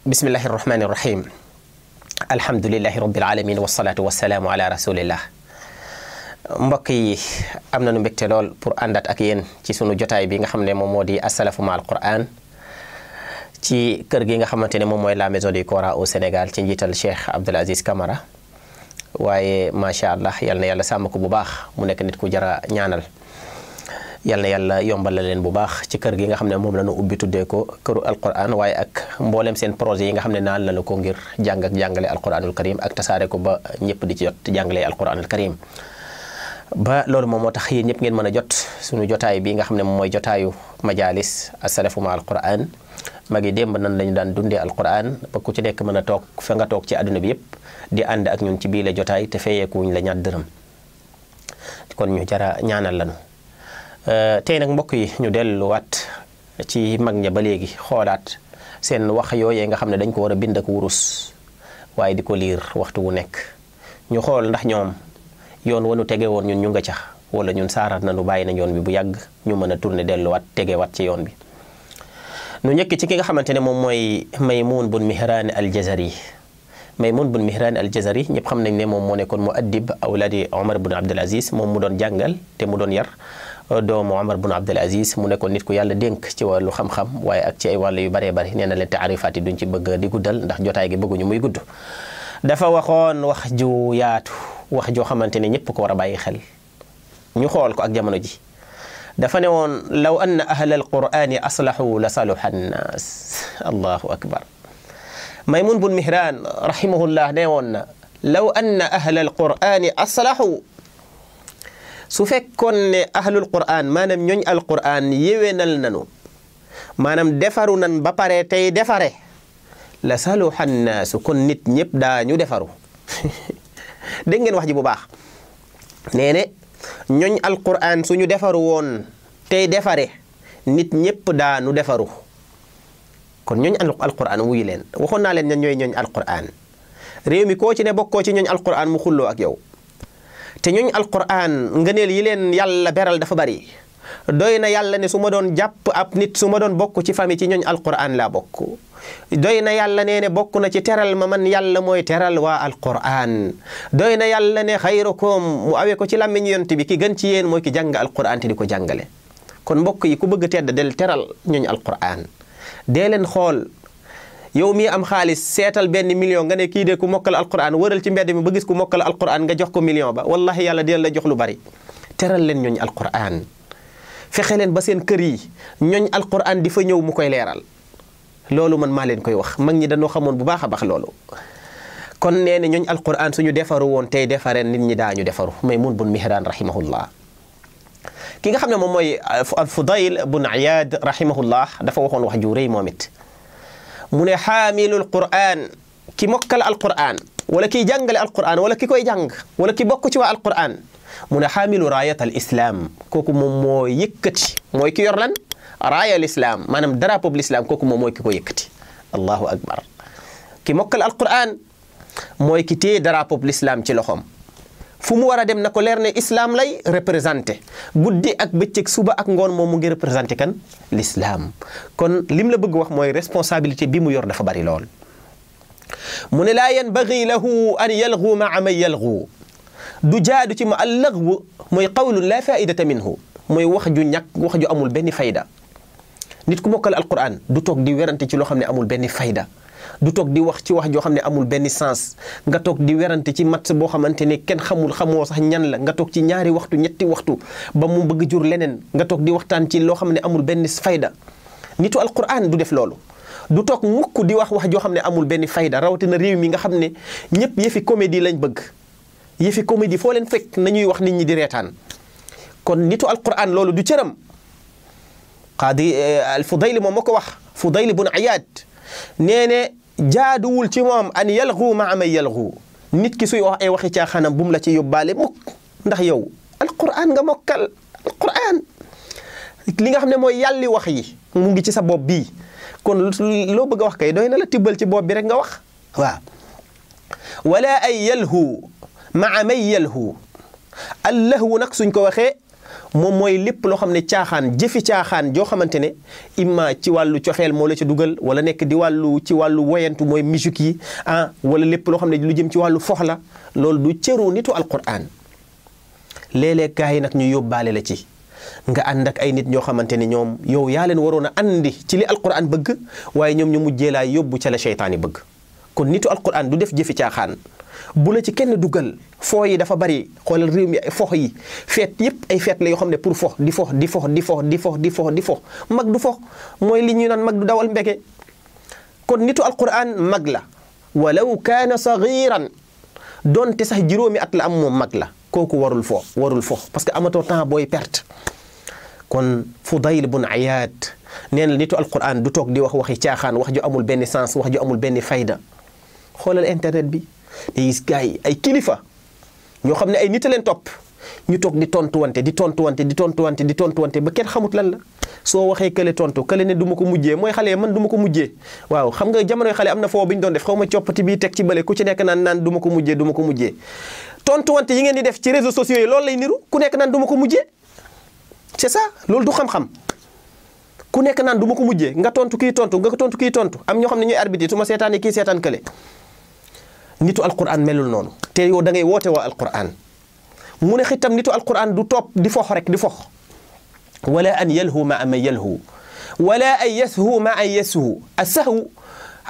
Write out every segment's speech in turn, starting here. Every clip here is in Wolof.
bismillahi irrahmani irrahim alhamdulilahi rabbil alamin wasalaatu wasalaamu ala rasulillah mbokk yi am nañu mbégte lool pour àndaat ak yéen ci sunu jotaay bi nga xam ne moom moo di asalafu ma al ci kër gi nga xamante ne moom mooy la maison du kora au Sénégal ci njiital Cheikh Abdoul Aziz Camara waaye macha allah yal na yàlla sàmm ko bu baax mu nekk nit ku jara ñaanal Yalla yalla, yombal la len bu baax ci kër gi nga xamne mom lañu ubbi tuddé ko këru alquran waye ak mboolem seen projet yi nga xamne naan la ko ngir jang ak jàngale alquranul karim ak tasaare ko ba ñëpp di ci jot jàngale alquranul karim ba lolu mom motax tax yéen ñëpp ngeen mëna jot suñu jotay bi nga xamne ne moom majalis asalafu ma alquran mag yi démb nan lañu daan dundé alquran ba ku ci nek mëna tok fa nga tok ci aduna bi yépp di and ak ñun ci bii la jotaay te ñu la ñaat deureum kon ñu jara ñaanal lañu Eh, tey nag mbokk yi ñu delluwaat ci mag ña ba léegi xoolaat seen wax yooyee nga xam ne dañ ko war a bind ak wurus waaye di ko liir waxtu wu nekk ñu xool ndax ñoom yoon wanu tege woon ñun ñu nga cax wala ñun saaraat na nu bàyyi na yoon bi bu yàgg ñu mën a tourner delluwaat tege waat ci yoon bi nu ñëkk ci ki nga xamante ne moom mooy Maymun bun Mihran al-Jazari Maymun bun Mihran al-Jazari ñëpp xam nañ ne moom moo nekkoon mu addib awlaadi Omar bun Abdul Aziz moom mu doon jàngal te mu doon yar doomu Omar bun Abdul Aziz mu nekkoon nit ku yàlla dénk ci wàllu xam-xam waaye ak ci ay wàll yu baree bari nee na leen taarifaat yi duñ di guddal ndax jotaay gi bëgguñu muy gudd dafa waxoon wax yaatu wax joo xamante ne ñëpp ko war a bàyyi xel ñu xool ko ak jamono ji dafa ne woon law anna ahla alqurani aslahu la saluha annaas allahu akbar maymun bun mihraan rahimahullah ne woon na law anna ahla alqurani aslahu su fekkoon ne ahlul qur'an maanaam ñooñ alqur'an yéwénal nanu maanaam defaru nan ba pare tey defare la saluha su kon nit ñëpp daañu defaru dégg ngeen wax ji bu baax nee ne ñooñ alqur'an suñu defaru woon tey defare nit ñëpp daanu defaru kon ñooñ alqur'an wuyu leen waxoon naa leen ñan ñooy ñooñ alqur'an réew mi koo ci ne bokkoo ci ñooñ alqur'an mu xulloo ak yow te ñooñ alquran ngëneel yi leen yàlla beral dafa bari doy na yàlla ne su ma doon jàpp ab nit su ma doon bokk ci famille ci ñooñ alquran laa bokk doy na yàlla nee ne bokk na ci teral ma man yàlla mooy teral waa alquran doy na yàlla ne xayrukum mu awee ko ci làmmiñ yonent bi ki gën ci yéen mooy ki jàng alquran te di ko jàngale kon mbokk yi ku bëgga tedd del teral ñooñ alquran dee leen xool yow mii am xaalis seetal benn million nga ne kii de ku mokkal alquran wëral ci mbedd mi ba gis ku mokkal alquran nga jox ko million ba wallahi yàlla dina la jox lu bari teral leen ñooñ alquran fexe leen ba seen kër yi ñooñ alquran di fa ñëw mu koy leeral loolu man maa leen koy wax mag ñi dañoo xamoon bu baax a baax loolu kon nee na ñooñ alquran suñu defaru woon tey defareen nit ñi daañu defaru Maymun bun Mihraan rahimahullah ki nga xam ne moom mooy al euh, Fudayl bun Iyaad rahimahullah dafa waxoon wax ju rëy moom it من حامل القرآن كي مكل القرآن ولا كي جنجل القرآن ولا كي كوي جنج ولا كي بوكو توا القرآن من حامل راية الإسلام كوكو مو مو يكتي مو يكي يرلن راية الإسلام ما نم درابو بالإسلام كوكو مو مو يكتي الله أكبر كي مكل القرآن مو يكتي درابو بالإسلام تلوهم fu mu dem na ko leer ne islam lay représenté guddi ak bëccëg suba ak ngoon moom mu ngi représenté kan l'islam kon lim la bëgg wax mooy responsabilité bi mu yor dafa bari lool mu ne laa yanbagi lahu an yalgu maa man yalgu du jaadu ci ma allaghwu mooy qawlun la faidata minhu mooy wax ju ñàkk wax ju amul benn fayda nit ku mokkal alquran du toog di werante ci loo xam ne amul benn fayda du toog di wax ci wax joo xam ne amul benn sens nga toog di werante ci match boo xamante ne kenn xamul xamoo sax ñan la nga toog ci ñaari waxtu ñetti waxtu ba mu bëgg jur leneen nga toog di waxtaan ci loo xam ne amul benn fayda nitu alquran du def loolu du toog mukk di wax wax joo xam ne amul benn fayda rawatina réew mi nga xam ne ñëpp yëfi comédie lañ bëgg yëfi comédie foo leen fekk nañuy wax nit ñi di reetaan kon nitu alquran loolu du cëram qaadi eh, al Fudayli moom moo ko wax Fudayli bun Ayaad nee ne jaaduwul ci moom an yalxu ma amay yalxu nit ki suy wax ay waxi caaxaanam bu mu la ci yóbbaale mukk ndax yow alquran nga mokkal alquran li nga xam ne mooy yàlli wax yi mu ngi ci sa bopp bii kon loo bëgg a wax kay doy na la tibbal ci bopp bi rek nga wax waaw wala ay yalhu ma amay yalhu al lahwu nag suñ ko waxee moom mooy lépp loo xam ne caaxaan jëfi caaxaan joo xamante ne imma ci wàllu coxeel moo la ca dugal wala nekk di wàllu ci wàllu woyantu mooy musique yi ah wala lépp loo xam ne lu jëm ci wàllu fox loolu du cëru nitu alquran léeg-léeg gaa yi nag ñu yóbbaale la ci nga ànd ak ay nit ñoo xamante ne ñoom yow yaa leen waroon a andi ci li alquran bëgg waaye ñoom ñu mujjee laa yóbbu ca la seytaane bëgg kon nitu alquran du def jëfi caaxaan bu ci kenn dugal foo yi dafa bari xoolal réew mi ay fox yi feet yëpp ay feet la yoo xam ne pour foo di foo di fox di fox di fox di foo di fox mag du foo mooy li ñuy naan mag du dawal mbege kon nitu alquran mag la walaw kaana sagiran donte sax juróomi at la am moom mag la kooku warul foo warul fo parce que amatoo temps booy perte kon Fudayl bun Ayaad nee na nitu alquran du toog di wax waxi caaxaan wax ju amul benn sens wax ju amul benn fayda xoolal internet bi day gis ay kilifa ñoo xam ne ay nit a leen topp ñu toog di tontuwante di tontuwante di tontuwante di tontuwante ba kenn xamut lan la soo waxee kële tontu kële ne du ma ko mujjee mooy xale man du ma ko mujjee waaw xam nga jamonoy xale am na foo bi ñu doon def xaw ma coppati bii teg ci bële ku ci naan naan du ko mujjee ma ko mujjee tontuwante yi ngeen di def ci réseaux sociaux yi loolu lay niru ku nekk naan du ma ko mujjee c'est ça loolu du xam-xam ku nekk naan du ma ko mujjee nga tontu kii tontu nga tontu kii tontu am ñoo xam ne ñooy arbitre su ma seetaanee kii seetaan kële nitu alquran melul non te yow da ngay wote wa alquran mune xitam nitu alquran du top di fox rek di fox wala an yalhu ma am yalhu wala an yashu ma an yashu asahu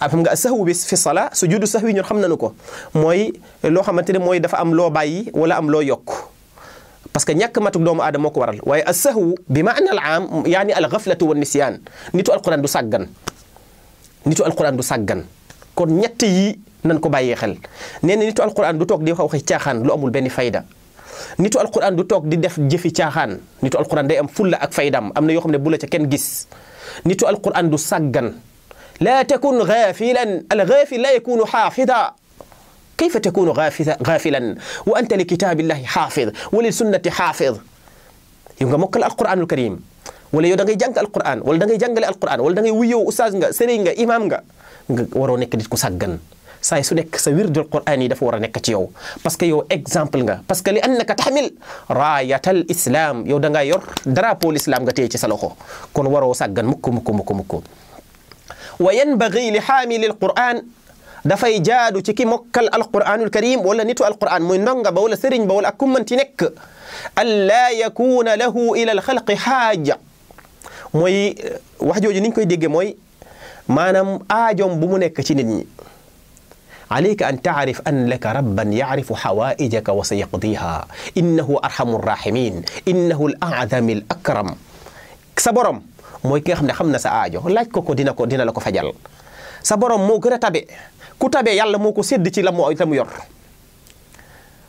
xam nga asahu bis fi sala sujudu sahwi ñu xam ko moy lo xamante moy dafa am lo bàyyi wala am lo yok parce que ñàkk matuk doomu aadama moo ko waral waaye asahwu bi maana al aam yaani al gaflatu wa nisyaan nitu alquran du sàggan nitu nan ko baye xel nee na nitu alquran du tok di wax waxi caaxaan lu amul ben fayda nitu alquran du tok di def jëfi caaxaan nitu alquran day am fulla ak faydam amna yo xamne bu la ca ken gis nitu alquran du sàggan laa takun gaafilan al gaafil laa yakunu xaafida كيف تكون غافلا وأنت لكتاب الله حافظ وللسنة حافظ يبقى موك القرآن الكريم ولا يو داغي جانغ القرآن ولا داغي جانغالي القرآن ولا داغي ويو أستاذ nga sëriñ nga imam nga waroo nekk nit ku sàggan saay su nekk sa wirdul qur'aan yi dafa war a nekk ci yow parce que yow exemple nga parce que li annaka taxmil raayatal islam yow da ngaa yor drapeau l'islam nga téye ci sa loxo kon waroo sàggan mukk mukk mukk mukk wa yanbagi li xaamilil qur'aan dafay jaadu ci ki mokkal alqur'aanul karim wala nitu alqur'aan muy ndonga ba wala sëriñ ba wala ak kummanti nekk an laa yakuuna lahu ila alxalqi xaaja mooy wax jooju niñ koy dégge mooy maanaam aajoom bu mu nekk ci nit ñi alayka an taarif an laka rabban yacrifu xawaa'ijaka wa sayaqdiha innahu arhamu rrahimin innahu l acdami l akram sa borom mooy ki nga xam ne xam na sa aajo laaj ko ko dina ko dina la ko fajal sa borom moo gën a tabe ku tabe yàlla moo ko sédd ci la mu la mu yor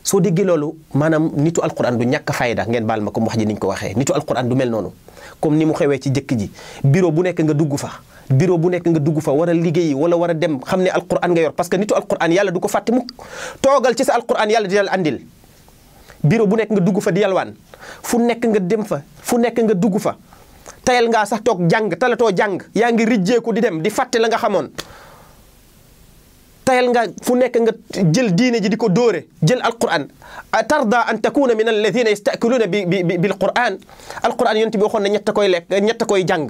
soo déggee loolu maanaam nitu alquran du ñàkk fayda ngeen baal ma comme wax ji niñ ko waxee nitu alquran du mel noonu comme ni mu xewee ci jëkk ji bureau bu nekk nga dugg fa bureau bu nekk nga dugg fa wara liggéey wala war a dem xam ne alquran nga yor parce que nitu alquran yàlla du ko fàtte mukk toogal ci sa alquran yàlla di la andil bureau bu nekk nga dugg fa di yalwaan fu nekk nga dem fa fu nekk nga dugg fa tayal nga sax toog jàng talatoo jàng yaa ngi rijjeeku di dem di fàtte la nga xamoon tayal nga fu nekk nga jël diine ji di ko dóore jël alquran atarda an takuna min alladina yastaakiluuna bi bi bil quran alquran yonent bi waxoon na ñett koy lekk ñett koy jàng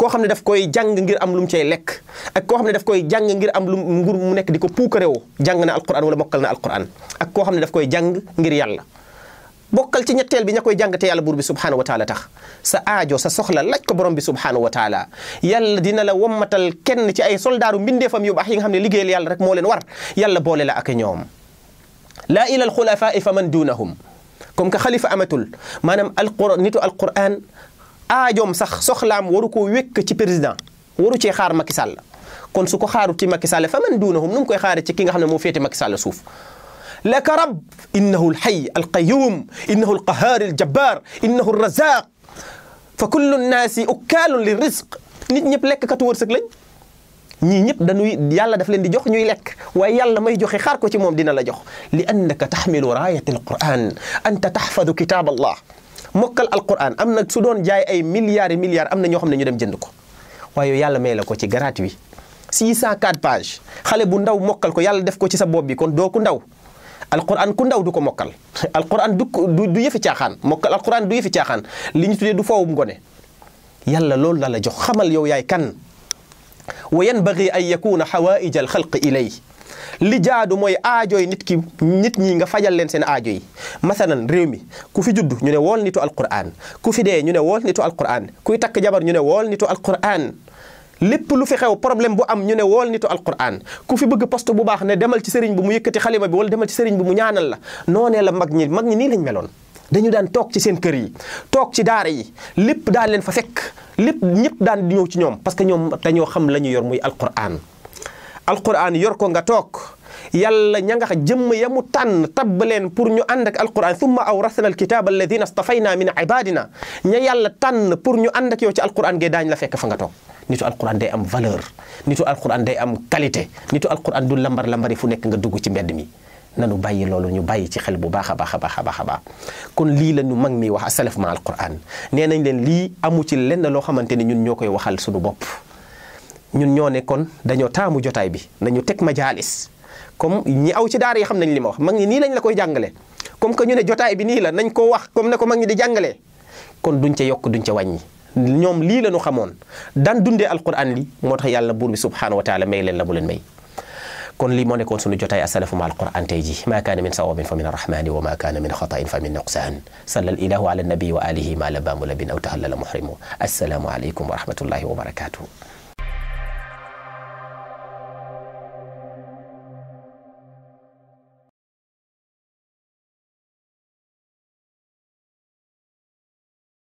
koo xam ne daf koy jàng ngir am lu mu cay lekk ak koo xam ne daf koy jàng ngir am lu ngur mu nekk di ko puukarewoo jàng na alquran wala mokkal na alquran ak koo xam ne daf koy jàng ngir yàlla bokkal ci ñetteel bi ña koy jàng te yàlla buur bi subhaanahu wa taala tax sa aajo sa soxla laaj ko borom bi subhaanahu wa taala yàlla dina la wammatal kenn ci ay soldaaru mbindeefam yu baax yi nga xam ne liggéeyal yàlla rek moo leen war yàlla boole la ak ñoom laa ila alxulafaa fa man dunahum comme que xalifa aajom sax soxlaam waru koo wékk ci président waru cee xaar Macky Sall kon su ko xaaru ci Macky Sall fa man duunahum num koy xaare ci ki nga xam ne moo Macky Sall suuf لك رب إنه الحي القيوم إنه القهار الجبار إنه الرزاق فكل الناس أكال للرزق نيت نيب لك كاتورسك لاج ني نيب دانو يالا داف لين دي جوخ نيوي لك واي يالا ماي جوخي خار كو موم دينا لا جوخ لانك تحمل رايه القران انت تحفظ كتاب الله mokkal alquran am na su doon jaay ay milliards et am na ñoo xam ne ñu dem jënd ko waaye yàlla may la ko ci garaat wi gratuit 604 pages xale bu ndaw mokkal ko yàlla def ko ci sa bopp bi kon doo ku ndaw alquran ku ndaw du ko mokkal alquran du du yëfi caaxaan mokkal alquran du yëfi caaxaan li ñu dee du foowum gone yàlla loolu la la jox xamal yow yaay kan wa yanbagi an yakuna xawaïja alxalqi ilay li jaadu mooy aajo yi nit ki nit ñi nga fajal leen seen aajo yi masalan réew mi ku fi judd ñu ne wool nitu alquran ku fi dee ñu ne wool nitu alquran kuy takk jabar ñu ne wool nitu alquran lépp lu fi xew problème bu am ñu ne wool nitu alquran ku fi bëgg poste bu baax ne demal ci sëriñ bi mu yëkkati xalima bi wala demal ci sëriñ bi mu ñaanal la noonee la mag ñi mag ñi nii lañ meloon dañu daan toog ci seen kër yi toog ci daara yi lépp daan leen fa fekk lépp ñëpp daan ñëw ci ñoom parce que ñoom dañoo xam la ñu yor muy alquran alquran yor ko nga toog yàlla ña nga jëmm yamu mu tànn tabb leen pour ñu ànd ak alquran summa awrasna alkitaba alladina stafayna min ibadina ña yàlla tànn pour ñu ànd ak yow ci alquran gee daañ la fekk fa nga toog nitu alquran day am valeur ni nitu alquran day am qualité nitu alquran du lambar lambari fu nekk nga dugg ci mbedd mi nanu bàyyi loolu ñu bàyyi ci xel bu baax a baax a baax a baax a baax kon lii la ñu mag mi wax a asalaf ma alquran nee nañ leen lii amu ci lenn loo xamante ni ñun ñoo koy waxal suñu bopp ñun ñoo ne kon dañoo taamu jotaay bi nañu teg majaalis comme ñi aw ci daara yi xam nañ li ma wax mag ñi nii lañ la koy jàngale comme que ñu ne jotaay bi nii la nañ ko wax comme ne ko mag ñi di jàngale kon duñ ca yokk duñ ca wàññi ñoom lii la ñu xamoon daan dundee alquran li moo tax yàlla buur bi subhaanahu wa taala may leen la bu leen may kon lii moo nekkoon sunu jotaay asalafu ma alquran tey ji maa kaana min sawabin fa min arrahmani wa maa kaana min xatain fa min nuqsaan salla ilahu ala nabi wa alihi ma la baamula bin aw tahallala muhrimu assalaamu aleykum wa rahmatullahi wa barakatuh